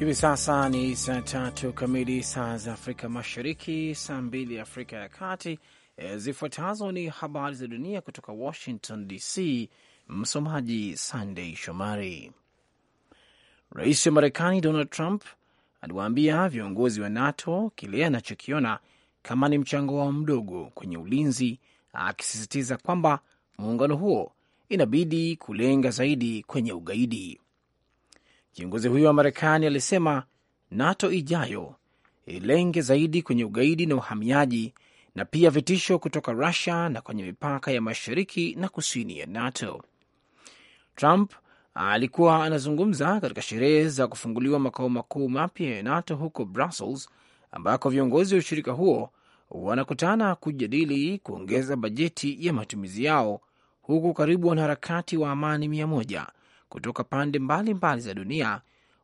Hivi sasa ni saa tatu kamili saa za Afrika Mashariki, saa mbili Afrika ya Kati. E, zifuatazo ni habari za dunia kutoka Washington DC. Msomaji Sandei Shomari. Rais wa Marekani Donald Trump aliwaambia viongozi wa NATO kile anachokiona kama ni mchango wao mdogo kwenye ulinzi, akisisitiza kwamba muungano huo inabidi kulenga zaidi kwenye ugaidi. Kiongozi huyo wa Marekani alisema NATO ijayo ilenge zaidi kwenye ugaidi na uhamiaji na pia vitisho kutoka Rusia na kwenye mipaka ya mashariki na kusini ya NATO. Trump alikuwa anazungumza katika sherehe za kufunguliwa makao makuu mapya ya NATO huko Brussels, ambako viongozi wa ushirika huo wanakutana kujadili kuongeza bajeti ya matumizi yao, huku karibu wanaharakati wa amani mia moja kutoka pande mbalimbali mbali za dunia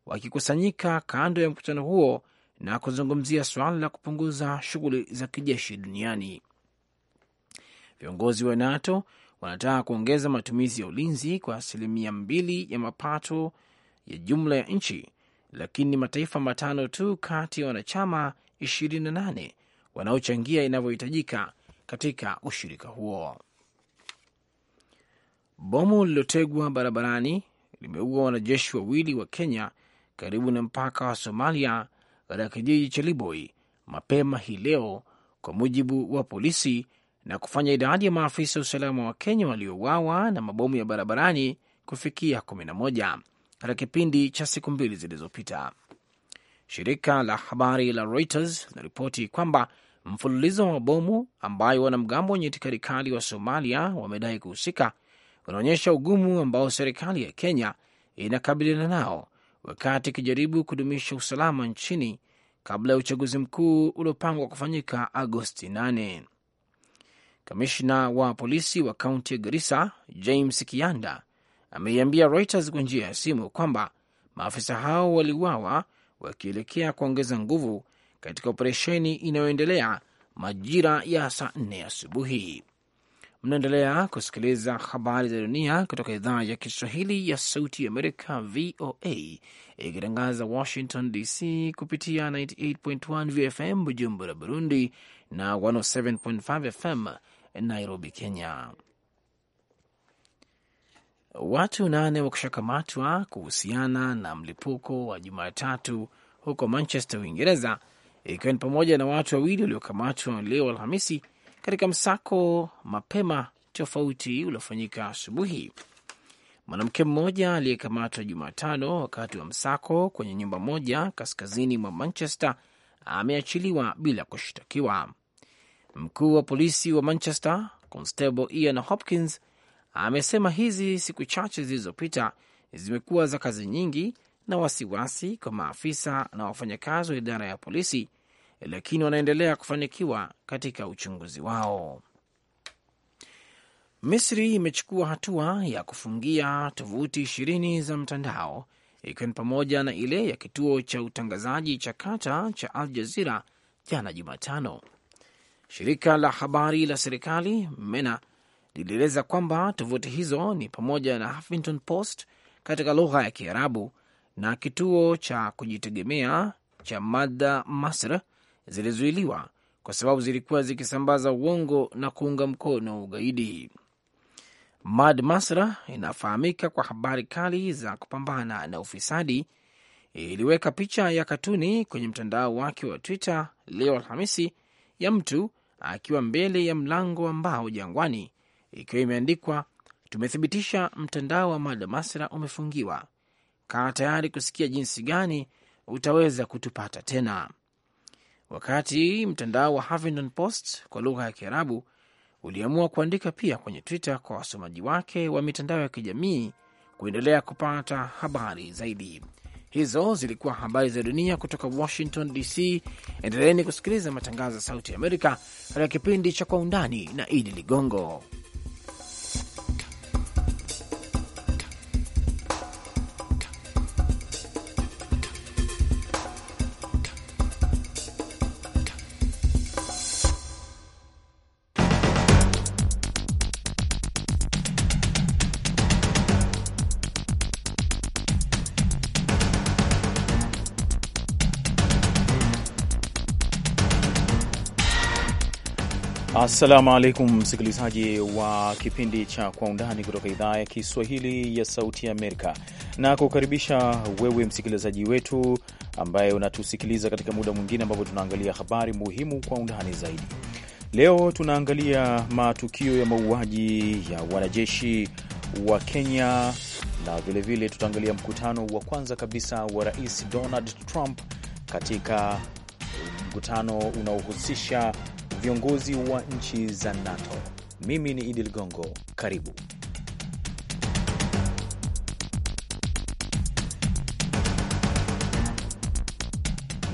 wakikusanyika kando ya mkutano huo na kuzungumzia suala la kupunguza shughuli za kijeshi duniani. Viongozi wa NATO wanataka kuongeza matumizi ya ulinzi kwa asilimia mbili ya mapato ya jumla ya nchi, lakini mataifa matano tu kati ya wanachama 28 wanaochangia inavyohitajika katika ushirika huo. Bomu lililotegwa barabarani limeua wanajeshi wawili wa Kenya karibu na mpaka wa Somalia katika kijiji cha Liboi mapema hii leo, kwa mujibu wa polisi, na kufanya idadi ya maafisa usalama wa Kenya waliouawa na mabomu ya barabarani kufikia 11 katika kipindi cha siku mbili zilizopita. Shirika la habari la Reuters linaripoti kwamba mfululizo wa mabomu ambayo wanamgambo wenye itikadi kali wa Somalia wamedai kuhusika kunaonyesha ugumu ambao serikali ya Kenya inakabiliana nao wakati ikijaribu kudumisha usalama nchini kabla ya uchaguzi mkuu uliopangwa kufanyika Agosti 8. Kamishna wa polisi wa kaunti ya Garissa James Kianda ameiambia Reuters kwa njia ya simu kwamba maafisa hao waliuawa wakielekea kuongeza nguvu katika operesheni inayoendelea majira ya saa nne asubuhi. Mnaendelea kusikiliza habari za dunia kutoka idhaa ya Kiswahili ya Sauti ya Amerika, VOA, ikitangaza Washington DC kupitia 98.1 VFM Bujumbura, Burundi na 107.5 FM Nairobi, Kenya. Watu nane wakushakamatwa kuhusiana na mlipuko wa Jumatatu huko Manchester, Uingereza, ikiwa ni pamoja na watu wawili waliokamatwa leo Alhamisi katika msako mapema tofauti uliofanyika asubuhi. Mwanamke mmoja aliyekamatwa Jumatano wakati wa msako kwenye nyumba moja kaskazini mwa Manchester ameachiliwa bila kushtakiwa. Mkuu wa polisi wa Manchester Constable Ian Hopkins amesema hizi siku chache zilizopita zimekuwa za kazi nyingi na wasiwasi kwa maafisa na wafanyakazi wa idara ya polisi lakini wanaendelea kufanikiwa katika uchunguzi wao. Misri imechukua hatua ya kufungia tovuti ishirini za mtandao ikiwa ni pamoja na ile ya kituo cha utangazaji cha kata cha Al Jazira jana Jumatano. Shirika la habari la serikali MENA lilieleza kwamba tovuti hizo ni pamoja na Huffington Post katika lugha ya Kiarabu na kituo cha kujitegemea cha Mada Masr zilizuiliwa kwa sababu zilikuwa zikisambaza uongo na kuunga mkono ugaidi. Mad Masra inafahamika kwa habari kali za kupambana na ufisadi. Iliweka picha ya katuni kwenye mtandao wake wa Twitter leo Alhamisi ya mtu akiwa mbele ya mlango wa mbao jangwani, ikiwa imeandikwa tumethibitisha mtandao wa Mad Masra umefungiwa, kaa tayari kusikia jinsi gani utaweza kutupata tena wakati mtandao wa Huffington Post kwa lugha ya Kiarabu uliamua kuandika pia kwenye Twitter kwa wasomaji wake wa mitandao ya kijamii kuendelea kupata habari zaidi. Hizo zilikuwa habari za dunia kutoka Washington DC. Endeleeni kusikiliza matangazo ya Sauti ya Amerika katika kipindi cha Kwa Undani na Idi Ligongo. Assalamu alaikum, msikilizaji wa kipindi cha Kwa Undani kutoka idhaa ya Kiswahili ya Sauti ya Amerika, na kukaribisha wewe msikilizaji wetu ambaye unatusikiliza katika muda mwingine ambapo tunaangalia habari muhimu kwa undani zaidi. Leo tunaangalia matukio ya mauaji ya wanajeshi wa Kenya na vilevile tutaangalia mkutano wa kwanza kabisa wa Rais Donald Trump katika mkutano unaohusisha viongozi wa nchi za NATO. Mimi ni Idi Ligongo, karibu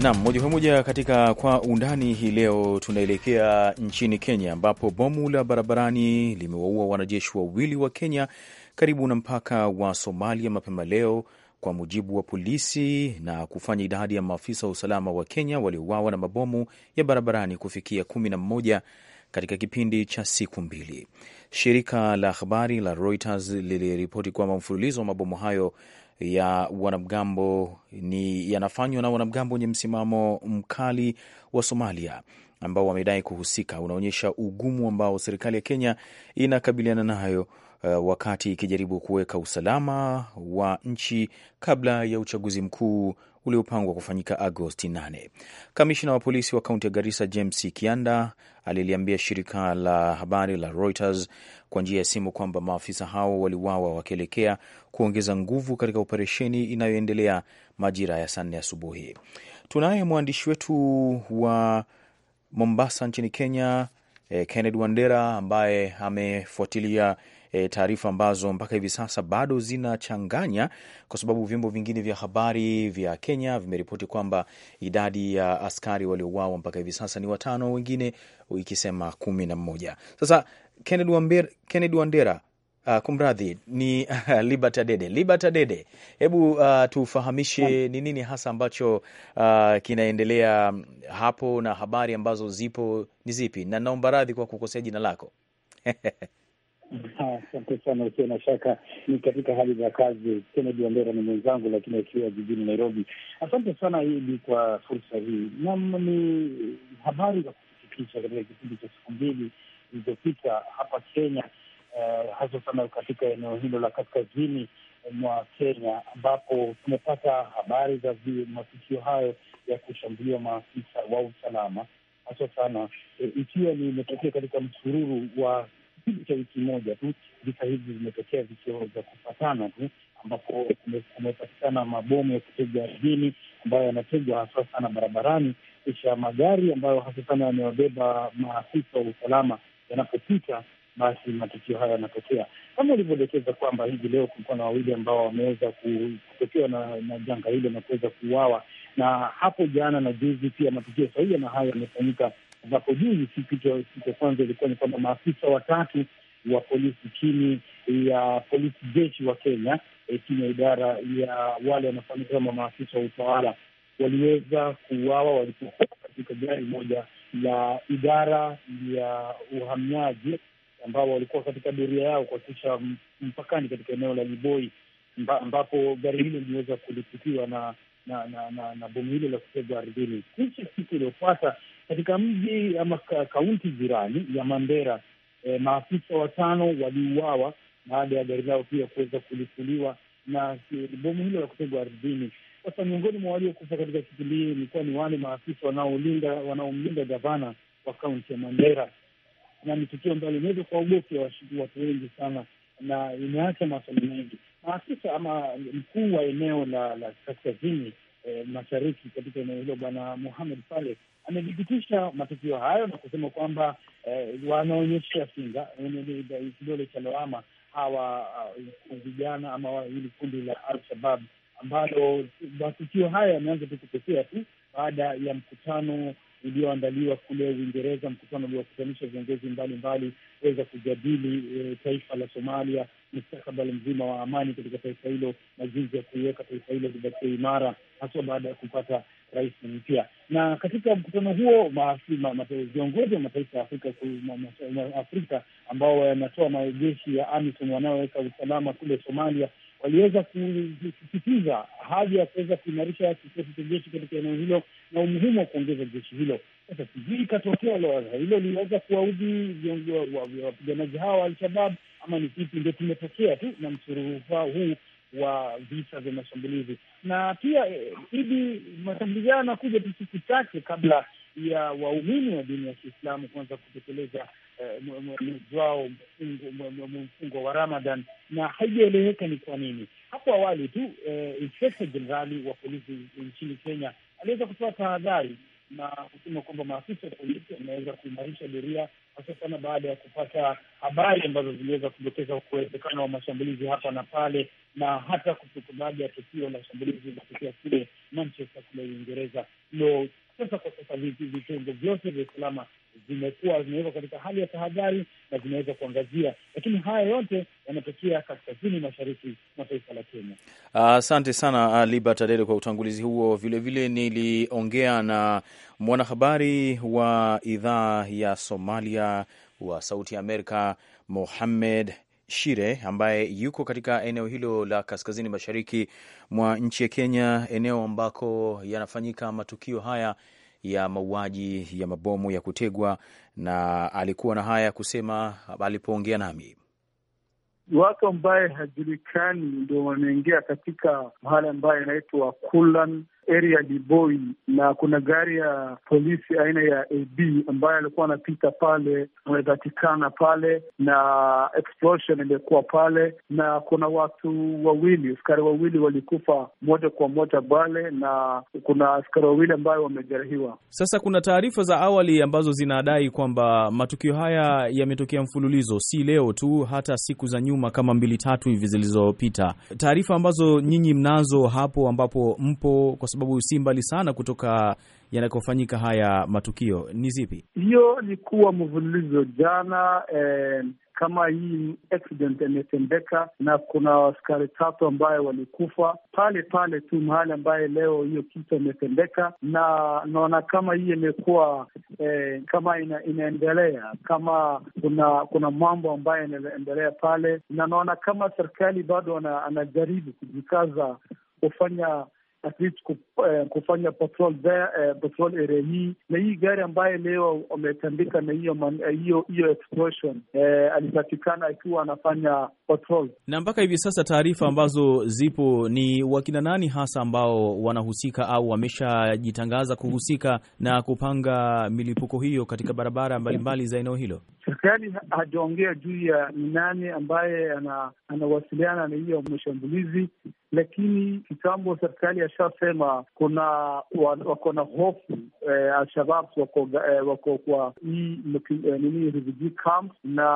nam moja kwa moja katika Kwa Undani. Hii leo tunaelekea nchini Kenya, ambapo bomu la barabarani limewaua wanajeshi wawili wa Kenya karibu na mpaka wa Somalia mapema leo kwa mujibu wa polisi, na kufanya idadi ya maafisa wa usalama wa Kenya waliouawa na mabomu ya barabarani kufikia kumi na mmoja katika kipindi cha siku mbili. Shirika la habari la Reuters liliripoti kwamba mfululizo wa mabomu hayo ya wanamgambo ni yanafanywa na wanamgambo wenye msimamo mkali wa Somalia ambao wamedai kuhusika unaonyesha ugumu ambao serikali ya Kenya inakabiliana nayo uh, wakati ikijaribu kuweka usalama wa nchi kabla ya uchaguzi mkuu uliopangwa kufanyika Agosti 8. Kamishina wa polisi wa kaunti ya Garissa James Kianda aliliambia shirika la habari la Reuters kwa njia ya simu kwamba maafisa hao waliwawa wakielekea kuongeza nguvu katika operesheni inayoendelea majira ya saa nne asubuhi. Tunaye mwandishi wetu wa Mombasa nchini Kenya, e, Kennedy Wandera ambaye amefuatilia e, taarifa ambazo mpaka hivi sasa bado zinachanganya kwa sababu vyombo vingine vya habari vya Kenya vimeripoti kwamba idadi ya askari waliouawa mpaka hivi sasa ni watano, wengine ikisema kumi na mmoja. Sasa Kennedy Wandera, Uh, kumradhi ni uh, Liberta Dede. Liberta Dede, hebu uh, tufahamishe ni nini hasa ambacho uh, kinaendelea hapo na habari ambazo zipo ni zipi, na naomba radhi kwa kukosea jina lako. Asante sana. Usio na shaka ni katika hali za kazi. Kennedy Wandera ni mwenzangu, lakini akiwa jijini Nairobi. Asante sana Idi kwa fursa hii. Nam, ni habari za kusikitisha katika kipindi cha siku mbili zilizopita hapa Kenya eh, hasa sana katika eneo hilo la kaskazini mwa Kenya, ambapo tumepata habari za matukio hayo ya kushambulia maafisa wa usalama hasa sana eh, ikiwa imetokea katika msururu wa kipindi cha wiki moja tu. Visa hivi vimetokea vikiwa vya kupatana tu, ambapo kumepatikana mabomu ya kutega ardhini ambayo yanategwa hasa sana barabarani, kisha magari ambayo hasa sana yamewabeba maafisa wa usalama yanapopita basi matukio haya yanatokea kama ulivyodokeza kwamba hivi leo kulikuwa na wawili ambao wameweza kutokewa na, na janga hilo na kuweza kuuawa, na hapo jana na juzi pia matukio sahia na hayo yamefanyika, ambapo juzi siku ya kwanza ilikuwa ni kwamba maafisa watatu wa polisi chini ya polisi jeshi wa Kenya eh, chini ya idara ya wale wanafahamika kama maafisa wa utawala waliweza kuuawa walipokuwa katika gari moja la idara ya uhamiaji ambao walikuwa katika doria yao kuhakikisha mpakani katika eneo la Liboi ambapo gari hilo liliweza kulipitiwa na na na, na, na bomu hilo la kutegwa ardhini. Kisha siku iliyofuata katika mji ama kaunti jirani ya Mandera, eh, maafisa watano waliuawa baada ya gari lao pia kuweza kulipuliwa na bomu hilo la kutegwa ardhini. Sasa miongoni mwa waliokufa katika kipindi hii ilikuwa ni wale maafisa wanaolinda wanaomlinda gavana wa kaunti ya Mandera na ni tukio ambalo inaweza kuwaogofya watu wengi sana, na imeacha maswali mengi. Maafisa ama mkuu wa eneo la la kaskazini eh, mashariki katika eneo hilo Bwana Muhamed Saleh amethibitisha matukio hayo na kusema kwamba eh, wanaonyesha singa yaani kidole cha lawama hawa uh, vijana uh, ama hili kundi la Al-Shabab ambalo matukio haya yameanza tu kutokea tu baada ya mkutano ulioandaliwa kule Uingereza, mkutano uliokutanisha viongozi mbalimbali kuweza kujadili e, taifa la Somalia, mustakabali mzima wa amani katika taifa hilo na jinsi ya kuiweka taifa hilo kubakia imara, haswa baada ya kupata rais mpya. Na katika mkutano huo viongozi wa mataifa ya Afrika, Afrika ambao wanatoa majeshi ya AMISOM wanaoweka usalama kule Somalia waliweza kusisitiza hali ya kuweza kuimarisha kikosi cha jeshi katika eneo hilo na umuhimu wa kuongeza jeshi hilo. Sasa sijui ikatokea hilo linaweza kuwaudhi wapiganaji hawa wa Alshabab ama ni kipi? Ndio tumetokea tu na msurufaa huu wa visa vya mashambulizi na pia eh, idi mashambulizi hayo anakuja tu siku chache kabla ya waumini wa dini ya Kiislamu kuanza kutekeleza Eh, mwezi wao mfungo wa ramadan na haijaeleweka ni kwa nini. Hapo awali tu eh, inspekta jenerali wa polisi nchini Kenya aliweza kutoa tahadhari na kusema kwamba maafisa wa polisi wanaweza kuimarisha doria hasa sana baada ya kupata habari ambazo ziliweza kudokeza kuwezekano wa mashambulizi hapa na pale, na hata baada ya tukio la shambulizi lilotokea kule Manchester kule Uingereza. Lo, sasa kwa sasa vitengo vyote vya usalama zimekuwa zimewekwa katika hali ya tahadhari na zimeweza kuangazia, lakini haya yote yanatokea kaskazini mashariki mwa taifa la Kenya. Asante uh, sana ah, Libert Adede kwa utangulizi huo. Vilevile niliongea na mwanahabari wa idhaa ya Somalia wa Sauti ya Amerika Mohamed Shire ambaye yuko katika eneo hilo la kaskazini mashariki mwa nchi ya Kenya, eneo ambako yanafanyika matukio haya ya mauaji ya mabomu ya kutegwa, na alikuwa na haya ya kusema alipoongea nami. Watu ambaye hajulikani ndio wanaingia katika mahali ambayo inaitwa Kulan area Liboi, na kuna gari ya polisi aina ya AB ambayo alikuwa anapita pale, amepatikana pale na explosion iliyokuwa pale, na kuna watu wawili, askari wawili walikufa moja kwa moja pale, na kuna askari wawili ambayo wamejeruhiwa. Sasa kuna taarifa za awali ambazo zinadai kwamba matukio haya yametokea mfululizo, si leo tu, hata siku za nyuma kama mbili tatu hivi zilizopita. Taarifa ambazo nyinyi mnazo hapo ambapo mpo kwa sababu si mbali sana kutoka yanakofanyika haya matukio, ni zipi? Hiyo ni kuwa mvululizo jana eh kama hii accident imetendeka na kuna askari tatu ambaye walikufa pale pale tu mahali ambaye leo hiyo kitu imetendeka, na naona kama hii imekuwa eh, kama ina, inaendelea kama kuna kuna mambo ambayo inaendelea pale, na naona kama serikali bado anajaribu kujikaza kufanya at least eh, kufanya patrol there, eh, patrol area hii na hii gari ambaye leo ametandika na hiyo eh, hiyo hiyo explosion eh, alipatikana akiwa anafanya patrol. Na mpaka hivi sasa taarifa ambazo zipo ni wakina nani hasa ambao wanahusika au wameshajitangaza kuhusika na kupanga milipuko hiyo katika barabara mbalimbali za eneo hilo? Serikali hajaongea juu ya ni nani ambaye anawasiliana ana na hiyo mashambulizi lakini kitambo serikali ashasema kuna wako na hofu eh, Alshabab wako eh, wako kwa hii eh, nini refugee camp na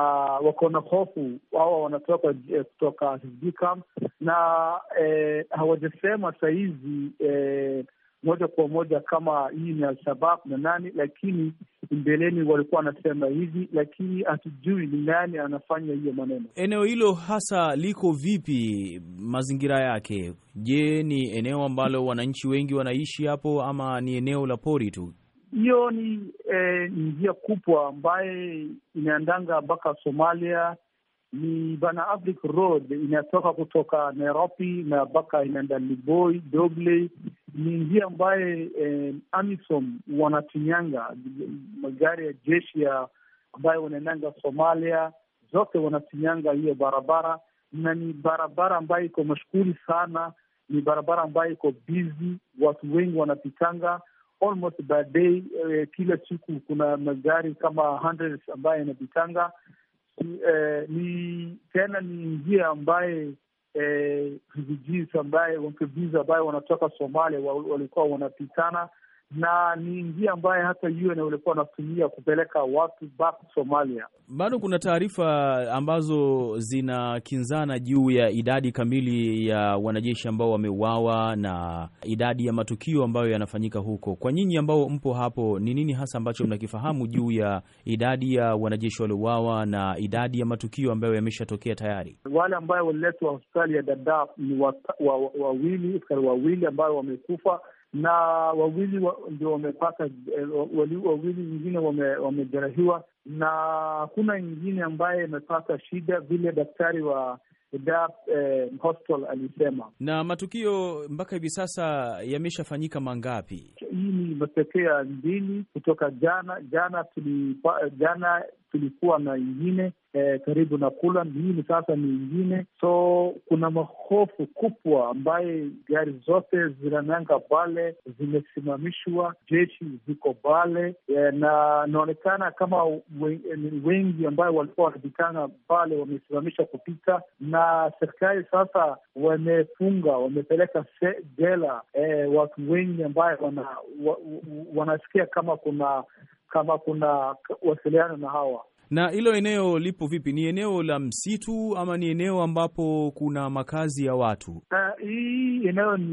wako na hofu hawa wanatoka eh, kutoka refugee camp na eh, hawajasema sahizi eh, moja kwa moja kama hii ni Alshabab na nani, lakini mbeleni walikuwa wanasema hivi, lakini hatujui ni nani anafanya hiyo maneno. Eneo hilo hasa liko vipi? Mazingira yake, je, ni eneo ambalo wananchi wengi wanaishi hapo ama ni eneo la pori tu? Hiyo ni eh, njia kubwa ambaye inaandanga mpaka Somalia ni Bana Afric Road inatoka kutoka Nairobi na mpaka inaenda Liboi Dobley. Ni njia ambaye eh, AMISOM wanatumianga magari ya jeshi ya ambayo wanaendanga Somalia zote wanatinyanga hiyo barabara, na ni barabara ambayo iko mashughuli sana, ni barabara ambayo iko bizi, watu wengi wanapitanga almost by day. Eh, kila siku kuna magari kama hundreds ambayo yanapitanga Eh, ni tena ni njia ambaye eh, refugees ambaye wakimbizi ambaye wanatoka Somalia walikuwa wanapitana na ni njia ambayo hata UN walikuwa wanatumia kupeleka watu back Somalia. Bado kuna taarifa ambazo zinakinzana juu ya idadi kamili ya wanajeshi ambao wameuawa na idadi ya matukio ambayo yanafanyika huko. Kwa nyinyi ambao mpo hapo, ni nini hasa ambacho mnakifahamu juu ya idadi ya wanajeshi waliouawa na idadi ya matukio ambayo yameshatokea tayari? Wale ambayo waliletwa hospitali ya Dadaab ni wawili, askari wawili ambayo wamekufa na wawili ndio wamepata eh, wawili wengine wamejeruhiwa, na hakuna ingine ambaye imepata shida vile daktari wa Dap, eh, alisema. Na matukio mpaka hivi sasa yameshafanyika mangapi? Hii ni matokeo ya mbili kutoka jana jana tuli, jana tulikuwa na ingine eh, karibu na kula hii ni sasa ni ingine. So kuna mahofu kubwa ambaye gari zote zinananga pale zimesimamishwa, jeshi ziko pale eh, na inaonekana kama wengi ambayo walikuwa wanapikana pale wamesimamisha kupita, na serikali sasa wamefunga wamepeleka jela eh, watu wengi ambayo wanasikia wana kama kuna kama kuna wasiliano na hawa. Na hilo eneo lipo vipi? Ni eneo la msitu ama ni eneo ambapo kuna makazi ya watu? Hii uh, eneo ni,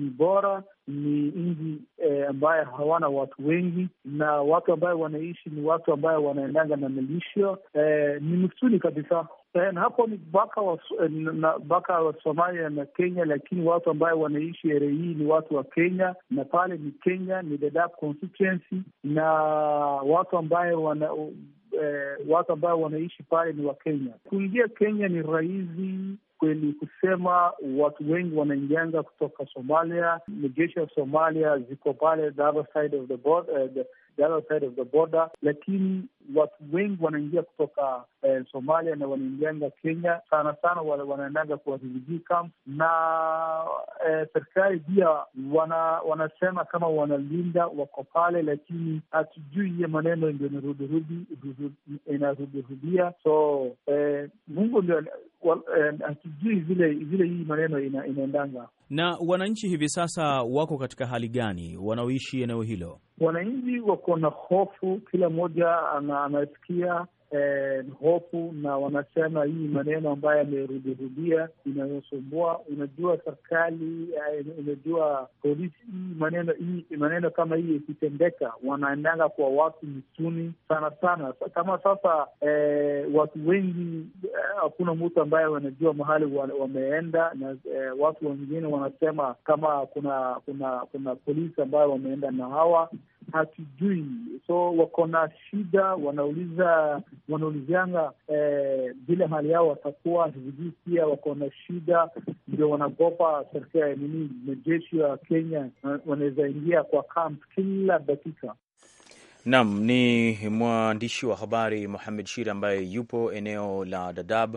ni bora ni nji eh, ambayo hawana watu wengi na watu ambayo wanaishi ni watu ambayo wanaendanga na milisho eh, ni msituni kabisa. Eh, na hapo ni baka wa, eh, na, baka wa Somalia na Kenya, lakini watu ambayo wanaishi area hii ni watu wa Kenya na pale ni Kenya, ni Dadaab constituency na watu ambayo wana eh, watu ambayo wanaishi pale ni Wakenya. Kuingia Kenya ni rahisi kweli kusema watu wengi wanaingianga kutoka Somalia. Majeshi ya Somalia ziko pale the other side of the border, uh, the, the other side of the border, lakini watu wengi wanaingia kutoka eh, Somalia na wanaingianga Kenya sana sana, wale wanaendanga kwa refugee camp na eh, serikali pia wana, wanasema kama wanalinda wako pale, lakini hatujui hiye maneno ndio inarudirudia, so eh, Mungu ndio eh, hatujui eh, vile vile hii maneno ina, inaendanga. Na wananchi hivi sasa wako katika hali gani wanaoishi eneo hilo? Wananchi wako na hofu, kila mmoja ana na anasikia eh, hofu na wanasema hii maneno ambayo yamerudirudia inayosumbua. Unajua serikali eh, unajua polisi, hii maneno hii maneno kama hii ikitendeka, wanaendanga kwa watu msuni sana sana. Kama sasa eh, watu wengi eh, hakuna eh, mtu ambaye wanajua mahali wameenda na eh, watu wengine wanasema kama kuna kuna kuna polisi ambayo wameenda na hawa hatujui, so wako na shida, wanauliza wanaulizianga eh, vile eh, hali yao watakuwa hivijui pia wako na shida, ndio wanagopa serikali nini, majeshi ya Kenya wanaweza ingia kwa kamp kila dakika. Naam, ni mwandishi wa habari muhamed Shiri ambaye yupo eneo la Dadab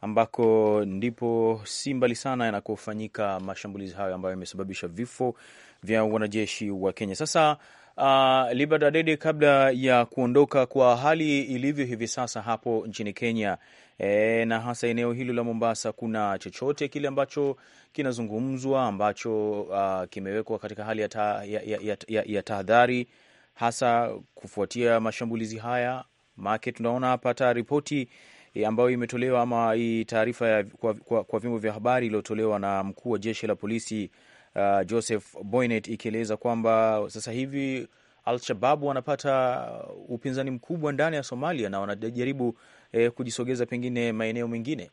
ambako ndipo si mbali sana yanakofanyika mashambulizi hayo ambayo yamesababisha vifo vya wanajeshi wa Kenya. Sasa Uh, Libertadede, kabla ya kuondoka kwa hali ilivyo hivi sasa hapo nchini Kenya e, na hasa eneo hilo la Mombasa, kuna chochote kile ambacho kinazungumzwa ambacho uh, kimewekwa katika hali ya, ta, ya, ya, ya, ya tahadhari hasa kufuatia mashambulizi haya? Maake tunaona hapa hata ripoti e, ambayo imetolewa ama hii taarifa kwa, kwa, kwa vyombo vya habari iliyotolewa na mkuu wa jeshi la polisi uh, Joseph Boynet ikieleza kwamba sasa hivi Al-Shababu wanapata upinzani mkubwa ndani ya Somalia na wanajaribu eh, kujisogeza pengine maeneo mengine.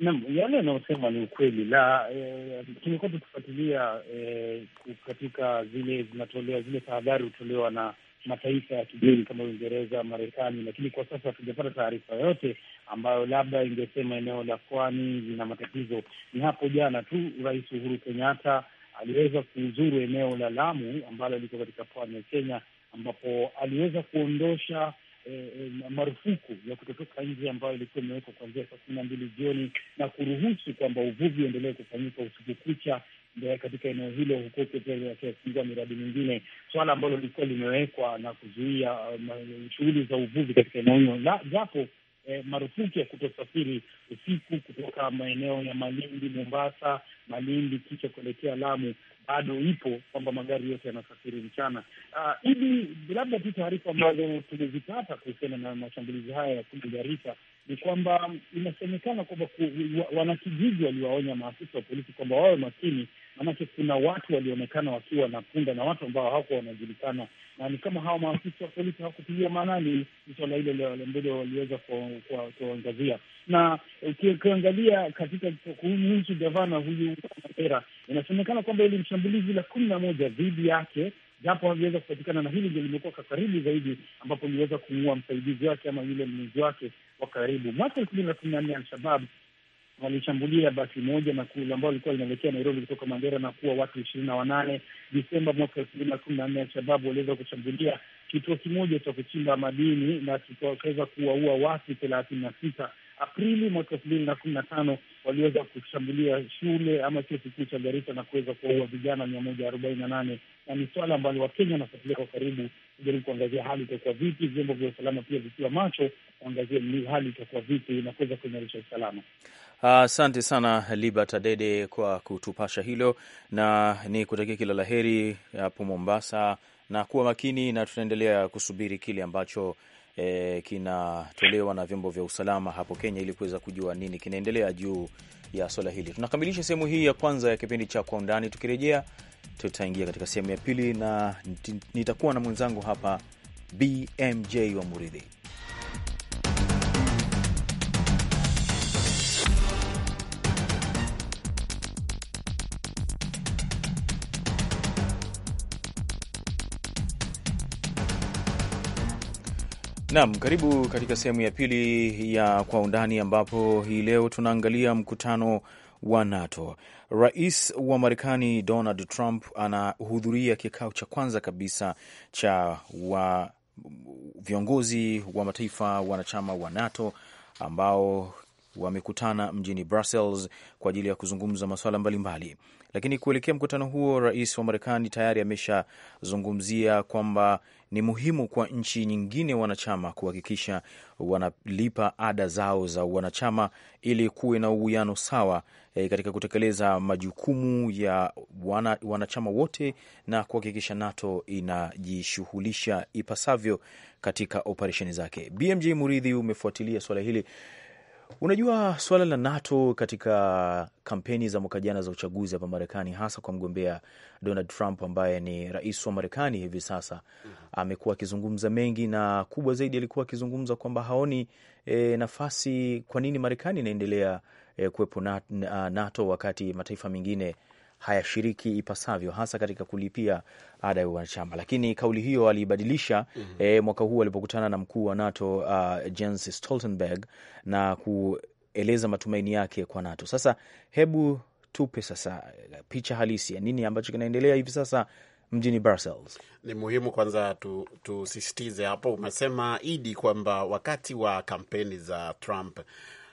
Naam, yale yanayosema ni ukweli la e, tumekuwa tukifuatilia eh, katika zile zinatolewa zile tahadhari hutolewa na mataifa ya kigeni kama Uingereza, Marekani, lakini kwa sasa hatujapata taarifa yoyote ambayo labda ingesema eneo la pwani lina matatizo. Ni hapo jana tu Rais Uhuru Kenyatta aliweza kuzuru eneo la Lamu ambalo liko katika pwani ya Kenya, ambapo aliweza kuondosha eh, eh marufuku ya kutotoka nje ambayo ilikuwa imewekwa kuanzia saa kumi na mbili jioni na kuruhusu kwamba uvuvi uendelee kufanyika usiku kucha katika eneo hilo, huku wakifungua miradi mingine, swala ambalo lilikuwa limewekwa na kuzuia um, shughuli za uvuvi katika eneo hilo, japo eh, marufuku ya kutosafiri usiku kutoka maeneo ya Malindi, Mombasa, Malindi kisha kuelekea Lamu bado ipo kwamba magari yote yanasafiri mchana. Uh, ili labda tu taarifa ambazo tumezipata kuhusiana na mashambulizi haya ya kule Garissa ni kwamba inasemekana kwamba wanakijiji waliwaonya maafisa wa polisi kwamba wawe makini, maanake kuna watu walionekana wakiwa na punda na watu ambao hawakuwa wanajulikana, na ni kama hawa maafisa wa polisi hawakupigia maanani suala hilo ambalo waliweza kuangazia. Na ukiangalia eh, katika kuhusu gavana huyu Era, inasemekana kwamba ili mshambulizi la kumi na moja dhidi yake japo haviweza kupatikana, na hili ndio limekuwa kakaribu karibu zaidi, ambapo iliweza kumuua msaidizi wake ama yule mlinzi wake wa karibu. Mwaka elfu mbili na kumi na nne al walishambulia basi moja na kuu ambalo lilikuwa linaelekea Nairobi kutoka Mandera na kuwa watu ishirini na wanane. Desemba mwaka elfu mbili na kumi na nne Alshababu waliweza kushambulia kituo kimoja cha kuchimba madini na kikaweza kuwaua watu thelathini na sita Aprili mwaka elfu mbili na kumi na tano waliweza kushambulia shule ama chuo kikuu cha Garissa na kuweza kuwaua vijana mia moja arobaini na nane na ni swala ambalo Wakenya wanafuatilia kwa karibu kujaribu kuangazia hali itakuwa vipi, vyombo vya usalama pia vikiwa macho kuangazia ni hali itakuwa vipi na kuweza kuimarisha usalama. Asante uh, sana Liba Tadede kwa kutupasha hilo, na ni kutakia kila la heri hapo Mombasa na kuwa makini, na tunaendelea kusubiri kile ambacho e, kinatolewa na vyombo vya usalama hapo Kenya ili kuweza kujua nini kinaendelea juu ya swala hili. Tunakamilisha sehemu hii ya kwanza ya kipindi cha Kwa Undani. Tukirejea tutaingia katika sehemu ya pili, na nitakuwa na mwenzangu hapa BMJ wa Muridhi. Naam, karibu katika sehemu ya pili ya Kwa Undani, ambapo hii leo tunaangalia mkutano wa NATO. Rais wa Marekani Donald Trump anahudhuria kikao cha kwanza kabisa cha wa viongozi wa mataifa wanachama wa NATO ambao wamekutana mjini Brussels kwa ajili ya kuzungumza masuala mbalimbali, lakini kuelekea mkutano huo, rais wa Marekani tayari ameshazungumzia kwamba ni muhimu kwa nchi nyingine wanachama kuhakikisha wanalipa ada zao za wanachama ili kuwe na uwiano sawa e, katika kutekeleza majukumu ya wana, wanachama wote na kuhakikisha NATO inajishughulisha ipasavyo katika operesheni zake. BMJ Muridhi, umefuatilia suala hili Unajua, suala la NATO katika kampeni za mwaka jana za uchaguzi hapa Marekani, hasa kwa mgombea Donald Trump ambaye ni rais wa Marekani hivi sasa, mhm. amekuwa akizungumza mengi, na kubwa zaidi alikuwa akizungumza kwamba haoni e, nafasi kwa nini Marekani inaendelea e, kuwepo NATO wakati mataifa mengine hayashiriki ipasavyo, hasa katika kulipia ada ya wanachama. Lakini kauli hiyo aliibadilisha mm -hmm. E, mwaka huu alipokutana na mkuu wa NATO uh, Jens Stoltenberg na kueleza matumaini yake kwa NATO. Sasa hebu tupe sasa eh, picha halisi ya nini ambacho kinaendelea hivi sasa mjini Brussels. Ni muhimu kwanza tusisitize tu hapo, umesema Idi, kwamba wakati wa kampeni za Trump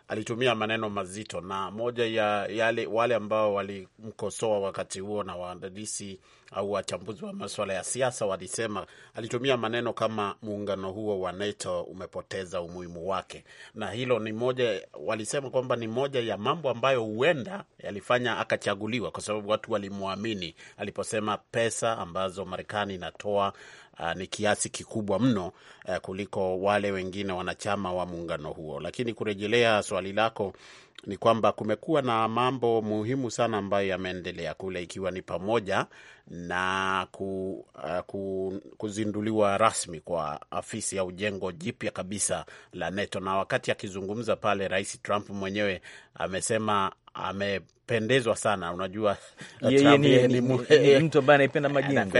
alitumia maneno mazito, na moja ya yale wale ambao walimkosoa wakati huo na waandadisi au wachambuzi wa masuala ya siasa walisema alitumia maneno kama muungano huo wa NATO umepoteza umuhimu wake, na hilo ni moja, walisema kwamba ni moja ya mambo ambayo huenda yalifanya akachaguliwa, kwa sababu watu walimwamini aliposema pesa ambazo Marekani inatoa uh, ni kiasi kikubwa mno uh, kuliko wale wengine wanachama wa muungano huo. Lakini kurejelea swali lako ni kwamba kumekuwa na mambo muhimu sana ambayo yameendelea kule, ikiwa ni pamoja na ku, uh, ku, kuzinduliwa rasmi kwa afisi au jengo jipya kabisa la NATO. Na wakati akizungumza pale, Rais Trump mwenyewe amesema amependezwa sana. Unajua yeye ni mtu ambaye anaipenda majengo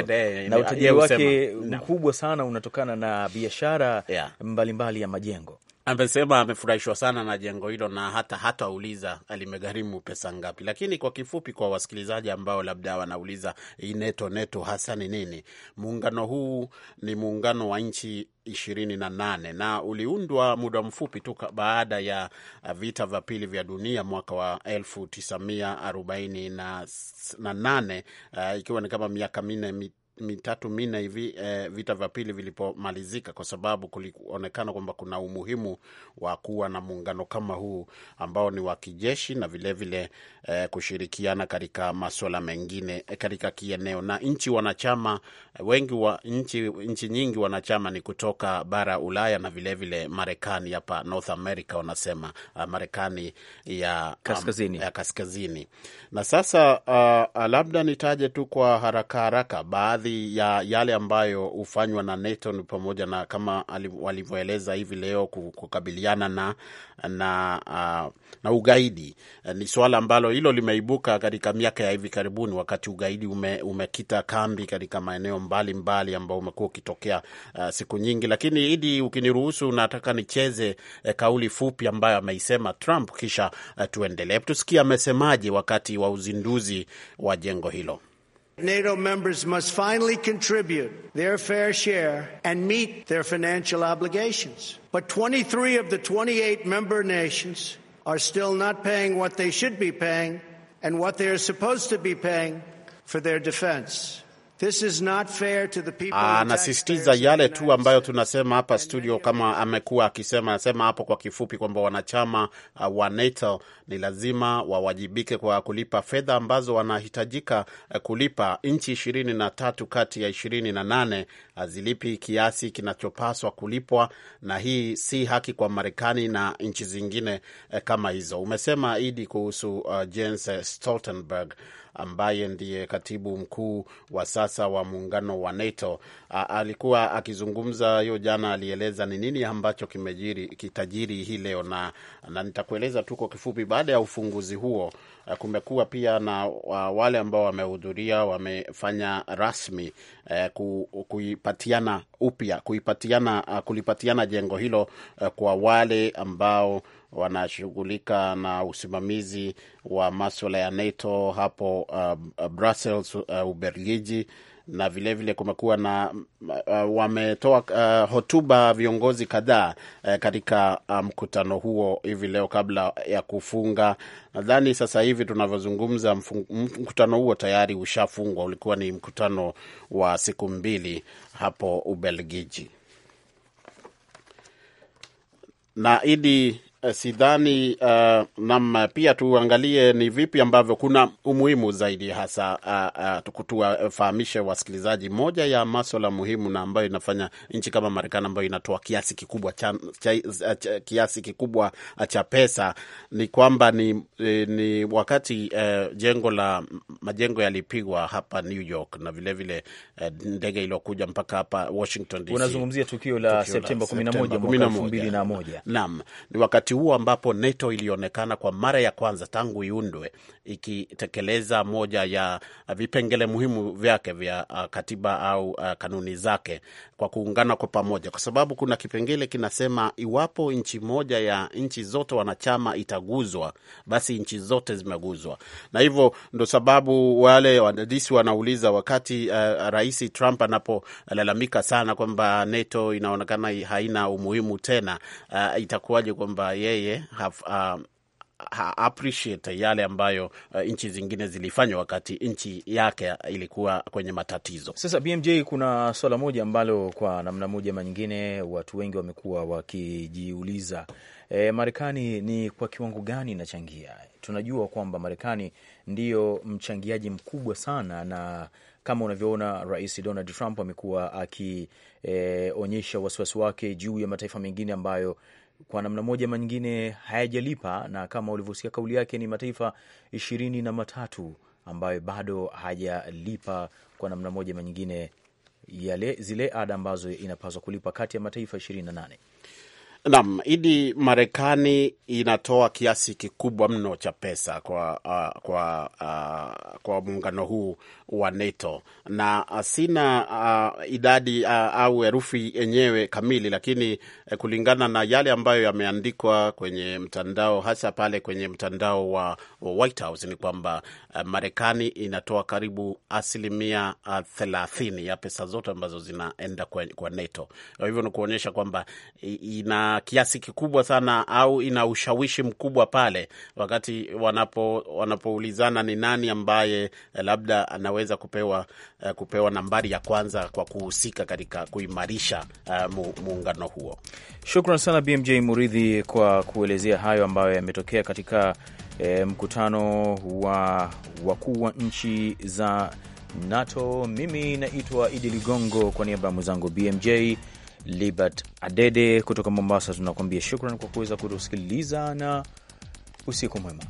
na utajiri wake mkubwa sana unatokana na biashara mbalimbali ya majengo amesema amefurahishwa sana na jengo hilo na hata hatauliza limegharimu pesa ngapi. Lakini kwa kifupi, kwa wasikilizaji ambao labda wanauliza hii neto neto hasa ni nini, muungano huu ni muungano wa nchi ishirini na nane na uliundwa muda mfupi tu baada ya vita vya pili vya dunia mwaka wa elfu tisa mia arobaini na nane eh, ikiwa ni kama miaka minne mitatu minne hivi eh, vita vya pili vilipomalizika, kwa sababu kulionekana kwamba kuna umuhimu wa kuwa na muungano kama huu ambao ni wa kijeshi na vilevile vile, eh, kushirikiana katika maswala mengine eh, katika kieneo na nchi wanachama eh, wengi wa nchi, nchi nyingi wanachama ni kutoka bara Ulaya na vilevile vile Marekani hapa North America wanasema uh, Marekani ya um, kaskazini, um, ya kaskazini. Na sasa uh, labda nitaje tu kwa haraka haraka baadhi baadhi ya yale ambayo hufanywa na NATO ni pamoja na kama walivyoeleza hivi leo kukabiliana na na, uh, na ugaidi. Ni suala ambalo hilo limeibuka katika miaka ya hivi karibuni, wakati ugaidi ume, umekita kambi katika maeneo mbalimbali ambao umekuwa ukitokea uh, siku nyingi. Lakini Idi, ukiniruhusu, nataka nicheze uh, kauli fupi ambayo ameisema Trump, kisha uh, tuendelee, tusikie amesemaje wakati wa uzinduzi wa jengo hilo. NATO members must finally contribute their fair share and meet their financial obligations. But 23 of the 28 member nations are still not paying what they should be paying and what they are supposed to be paying for their defense. Anasisitiza ah, yale tu ambayo tunasema hapa studio, kama amekuwa akisema, anasema hapo kwa kifupi kwamba wanachama uh, wa NATO ni lazima wawajibike kwa kulipa fedha ambazo wanahitajika uh, kulipa. Nchi ishirini na tatu kati ya ishirini na nane uh, hazilipi kiasi kinachopaswa kulipwa, na hii si haki kwa Marekani na nchi zingine uh, kama hizo. Umesema Idi kuhusu uh, Jens Stoltenberg ambaye ndiye katibu mkuu wa sasa wa muungano wa NATO. A, alikuwa akizungumza hiyo jana, alieleza ni nini ambacho kimejiri kitajiri hii leo na, na nitakueleza tu kwa kifupi baada ya ufunguzi huo Eh, kumekuwa pia na wale ambao wamehudhuria wamefanya rasmi eh, ku, kuipatiana upya kuipatiana eh, kulipatiana jengo hilo eh, kwa wale ambao wanashughulika na usimamizi wa maswala ya NATO hapo uh, Brussels, uh, Ubelgiji na vilevile kumekuwa na uh, wametoa uh, hotuba viongozi kadhaa uh, katika uh, mkutano um, huo hivi leo kabla ya kufunga. Nadhani sasa hivi tunavyozungumza, mkutano huo tayari ushafungwa. Ulikuwa ni mkutano wa siku mbili hapo Ubelgiji na Idi Eh, sidhani uh, nam eh, pia tuangalie ni vipi ambavyo kuna umuhimu zaidi hasa uh, uh, kutuwafahamishe wasikilizaji moja ya maswala muhimu na ambayo inafanya nchi kama Marekani ambayo inatoa kiasi kikubwa cha, cha, cha, cha, kiasi kikubwa cha pesa ni kwamba ni, ni wakati uh, jengo la majengo yalipigwa hapa New York na vilevile vile, uh, ndege iliyokuja mpaka hapa Washington DC. Unazungumzia tukio la Septemba 11 mwaka 2001. Naam, ni wakati huo ambapo NATO ilionekana kwa mara ya kwanza tangu iundwe ikitekeleza moja ya vipengele muhimu vyake vya uh, katiba au uh, kanuni zake kwa kuungana kwa pamoja, kwa sababu kuna kipengele kinasema iwapo nchi moja ya nchi zote wanachama itaguzwa, basi nchi zote zimeguzwa. Na hivyo ndo sababu wale wadadisi wanauliza wakati uh, Rais Trump anapolalamika sana kwamba NATO inaonekana haina umuhimu tena, uh, itakuwaje kwamba yeye uh, appreciate yale ambayo uh, nchi zingine zilifanya wakati nchi yake ilikuwa kwenye matatizo. Sasa BMJ, kuna swala moja ambalo kwa namna moja ama nyingine watu wengi wamekuwa wakijiuliza e, Marekani ni kwa kiwango gani inachangia? Tunajua kwamba Marekani ndiyo mchangiaji mkubwa sana na kama unavyoona Rais Donald Trump amekuwa akionyesha eh, e, wasiwasi wake juu ya mataifa mengine ambayo kwa namna moja ama nyingine hayajalipa, na kama ulivyosikia kauli yake, ni mataifa ishirini na matatu ambayo bado hajalipa kwa namna moja ama nyingine yale zile ada ambazo inapaswa kulipa kati ya mataifa ishirini na nane. Naam, Idi, Marekani inatoa kiasi kikubwa mno cha pesa kwa uh, kwa uh, kwa muungano huu wa NATO na uh, sina uh, idadi uh, au herufi yenyewe kamili, lakini uh, kulingana na yale ambayo yameandikwa kwenye mtandao, hasa pale kwenye mtandao wa White House ni kwamba uh, Marekani inatoa karibu asilimia uh, thelathini ya pesa zote ambazo zinaenda kwa, kwa NATO. Kwa hivyo ni kuonyesha kwamba ina kiasi kikubwa sana au ina ushawishi mkubwa pale wakati wanapo wanapoulizana ni nani ambaye eh, labda anaweza kupewa eh, kupewa nambari ya kwanza kwa kuhusika katika kuimarisha uh, muungano huo. Shukran sana BMJ Muridhi kwa kuelezea hayo ambayo yametokea katika e, mkutano wa wakuu wa nchi za NATO. Mimi naitwa Idi Ligongo kwa niaba ya mwenzangu BMJ Libert Adede kutoka Mombasa, tunakuambia shukran kwa kuweza kutusikiliza na usiku mwema.